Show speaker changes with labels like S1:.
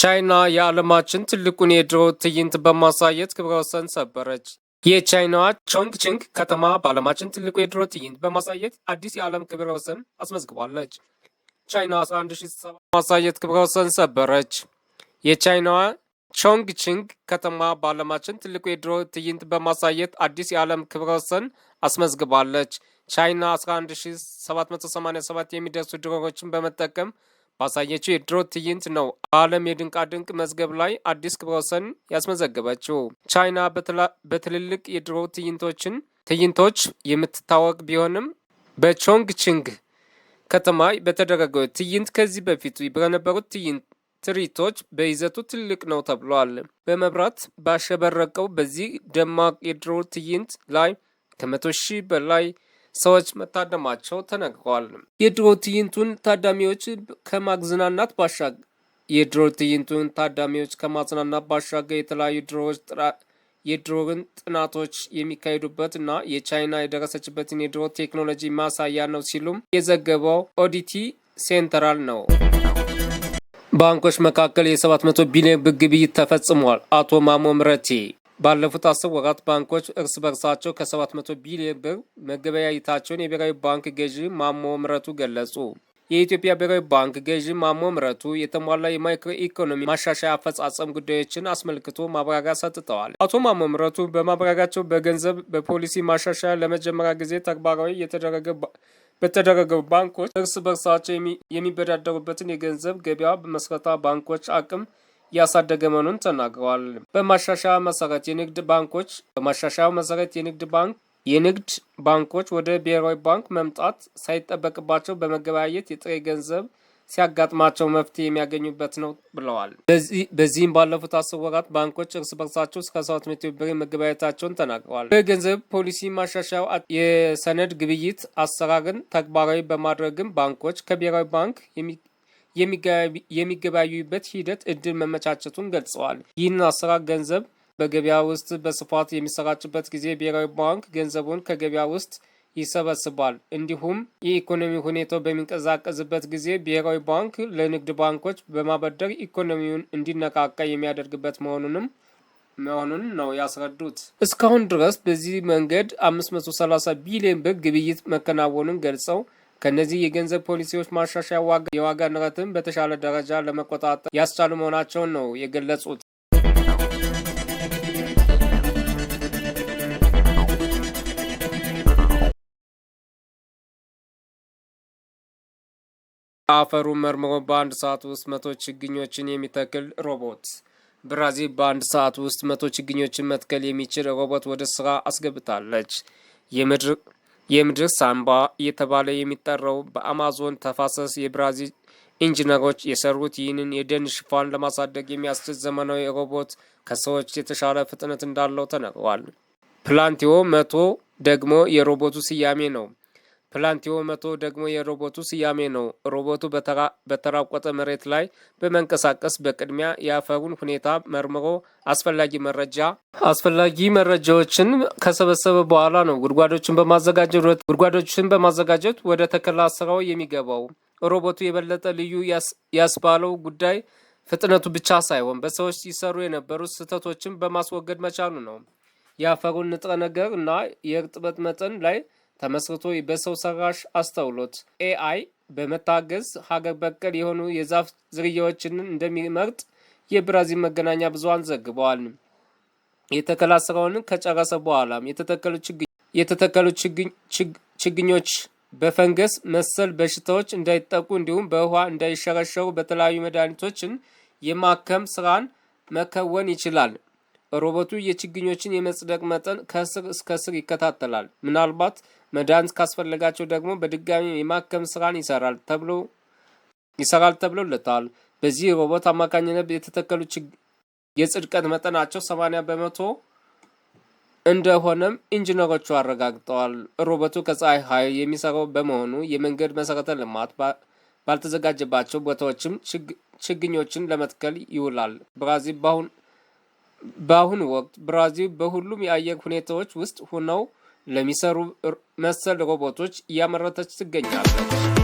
S1: ቻይና የዓለማችን ትልቁን የድሮ ትዕይንት በማሳየት ክብረ ወሰን ሰበረች። የቻይናዋ ቾንግቺንግ ከተማ በዓለማችን ትልቁ የድሮ ትዕይንት በማሳየት አዲስ የዓለም ክብረ ወሰን አስመዝግባለች። ቻይና 11007 ማሳየት ክብረ ወሰን ሰበረች። የቻይናዋ ቾንግቺንግ ከተማ በዓለማችን ትልቁ የድሮ ትዕይንት በማሳየት አዲስ የዓለም ክብረ ወሰን አስመዝግባለች። ቻይና 11787 የሚደርሱ ድሮኖችን በመጠቀም ባሳየችው የድሮ ትዕይንት ነው በዓለም የድንቃድንቅ መዝገብ ላይ አዲስ ክብረወሰን ያስመዘገበችው። ቻይና በትልልቅ የድሮ ትዕይንቶችን ትዕይንቶች የምትታወቅ ቢሆንም በቾንግ ቺንግ ከተማ በተደረገው ትዕይንት ከዚህ በፊት በነበሩት ትዕይንት ትርኢቶች በይዘቱ ትልቅ ነው ተብሏል። በመብራት ባሸበረቀው በዚህ ደማቅ የድሮ ትዕይንት ላይ ከመቶ ሺህ በላይ ሰዎች መታደማቸው ተነግሯል። የድሮ ትዕይንቱን ታዳሚዎች ከማዝናናት ባሻገ የድሮ ትዕይንቱን ታዳሚዎች ከማዝናናት ባሻገር የተለያዩ ድሮዎች የድሮን ጥናቶች የሚካሄዱበት እና የቻይና የደረሰችበትን የድሮ ቴክኖሎጂ ማሳያ ነው ሲሉም የዘገበው ኦዲቲ ሴንተራል ነው። ባንኮች መካከል የ700 ቢሊዮን ብግብይት ግብይት ተፈጽሟል። አቶ ማሞ ምረቴ ባለፉት አስር ወራት ባንኮች እርስ በርሳቸው ከ700 ቢሊዮን ብር መገበያየታቸውን የብሔራዊ ባንክ ገዢ ማሞ ምረቱ ገለጹ። የኢትዮጵያ ብሔራዊ ባንክ ገዢ ማሞ ምረቱ የተሟላ የማይክሮ ኢኮኖሚ ማሻሻያ አፈጻጸም ጉዳዮችን አስመልክቶ ማብራሪያ ሰጥተዋል። አቶ ማሞ ምረቱ በማብራሪያቸው በገንዘብ በፖሊሲ ማሻሻያ ለመጀመሪያ ጊዜ ተግባራዊ የተደረገ በተደረገው ባንኮች እርስ በርሳቸው የሚበዳደሩበትን የገንዘብ ገበያ መስረታ ባንኮች አቅም ያሳደገ መሆኑን ተናግረዋል። በማሻሻያ መሰረት የንግድ ባንኮች በማሻሻያ መሰረት የንግድ ባንክ የንግድ ባንኮች ወደ ብሔራዊ ባንክ መምጣት ሳይጠበቅባቸው በመገበያየት የጥሬ ገንዘብ ሲያጋጥማቸው መፍትሄ የሚያገኙበት ነው ብለዋል። በዚህም ባለፉት አስር ወራት ባንኮች እርስ በርሳቸው እስከ ሰባት ብር መገበያየታቸውን ተናግረዋል። የገንዘብ ፖሊሲ ማሻሻያው የሰነድ ግብይት አሰራርን ተግባራዊ በማድረግም ባንኮች ከብሔራዊ ባንክ የሚገባዩበት ሂደት እድል መመቻቸቱን ገልጸዋል። ይህን አሰራር ገንዘብ በገበያ ውስጥ በስፋት የሚሰራጭበት ጊዜ ብሔራዊ ባንክ ገንዘቡን ከገበያ ውስጥ ይሰበስባል። እንዲሁም የኢኮኖሚ ሁኔታው በሚንቀዛቀዝበት ጊዜ ብሔራዊ ባንክ ለንግድ ባንኮች በማበደር ኢኮኖሚውን እንዲነቃቃ የሚያደርግበት መሆኑንም መሆኑን ነው ያስረዱት። እስካሁን ድረስ በዚህ መንገድ 530 ቢሊዮን ብር ግብይት መከናወኑን ገልጸው ከእነዚህ የገንዘብ ፖሊሲዎች ማሻሻያ የዋጋ ንረትን በተሻለ ደረጃ ለመቆጣጠር ያስቻሉ መሆናቸውን ነው የገለጹት። አፈሩ መርምሮ በአንድ ሰዓት ውስጥ መቶ ችግኞችን የሚተክል ሮቦት። ብራዚል በአንድ ሰዓት ውስጥ መቶ ችግኞችን መትከል የሚችል ሮቦት ወደ ስራ አስገብታለች። የምድር የምድር ሳምባ እየተባለ የሚጠራው በአማዞን ተፋሰስ የብራዚል ኢንጂነሮች የሰሩት ይህንን የደን ሽፋን ለማሳደግ የሚያስችል ዘመናዊ ሮቦት ከሰዎች የተሻለ ፍጥነት እንዳለው ተነግሯል። ፕላንቲዮ መቶ ደግሞ የሮቦቱ ስያሜ ነው። ፕላንቲዮ መቶ ደግሞ የሮቦቱ ስያሜ ነው። ሮቦቱ በተራቆጠ መሬት ላይ በመንቀሳቀስ በቅድሚያ የአፈሩን ሁኔታ መርምሮ አስፈላጊ መረጃ አስፈላጊ መረጃዎችን ከሰበሰበ በኋላ ነው ጉድጓዶችን በማዘጋጀት ጉድጓዶችን በማዘጋጀት ወደ ተከላ ስራው የሚገባው። ሮቦቱ የበለጠ ልዩ ያስባለው ጉዳይ ፍጥነቱ ብቻ ሳይሆን በሰዎች ሲሰሩ የነበሩ ስህተቶችን በማስወገድ መቻሉ ነው። የአፈሩን ንጥረ ነገር እና የእርጥበት መጠን ላይ ተመስርቶ በሰው ሰራሽ አስተውሎት ኤአይ በመታገዝ ሀገር በቀል የሆኑ የዛፍ ዝርያዎችን እንደሚመርጥ የብራዚል መገናኛ ብዙሃን ዘግበዋል። የተከላ ስራውን ከጨረሰ በኋላም የተተከሉ ችግኞች በፈንገስ መሰል በሽታዎች እንዳይጠቁ እንዲሁም በውሃ እንዳይሸረሸሩ በተለያዩ መድኃኒቶችን የማከም ስራን መከወን ይችላል። ሮቦቱ የችግኞችን የመጽደቅ መጠን ከስር እስከ ስር ይከታተላል። ምናልባት መድኃኒት ካስፈለጋቸው ደግሞ በድጋሚ የማከም ስራን ይሰራል ተብሎ ይሰራል ተብሎለታል። በዚህ ሮቦት አማካኝነት የተተከሉ የጽድቀት መጠናቸው 80 በመቶ እንደሆነም ኢንጂነሮቹ አረጋግጠዋል። ሮቦቱ ከፀሐይ ኃይል የሚሰራው በመሆኑ የመንገድ መሰረተ ልማት ባልተዘጋጀባቸው ቦታዎችም ችግኞችን ለመትከል ይውላል። ብራዚል በአሁን በአሁኑ ወቅት ብራዚል በሁሉም የአየር ሁኔታዎች ውስጥ ሆነው ለሚሰሩ መሰል ሮቦቶች እያመረተች ትገኛለች።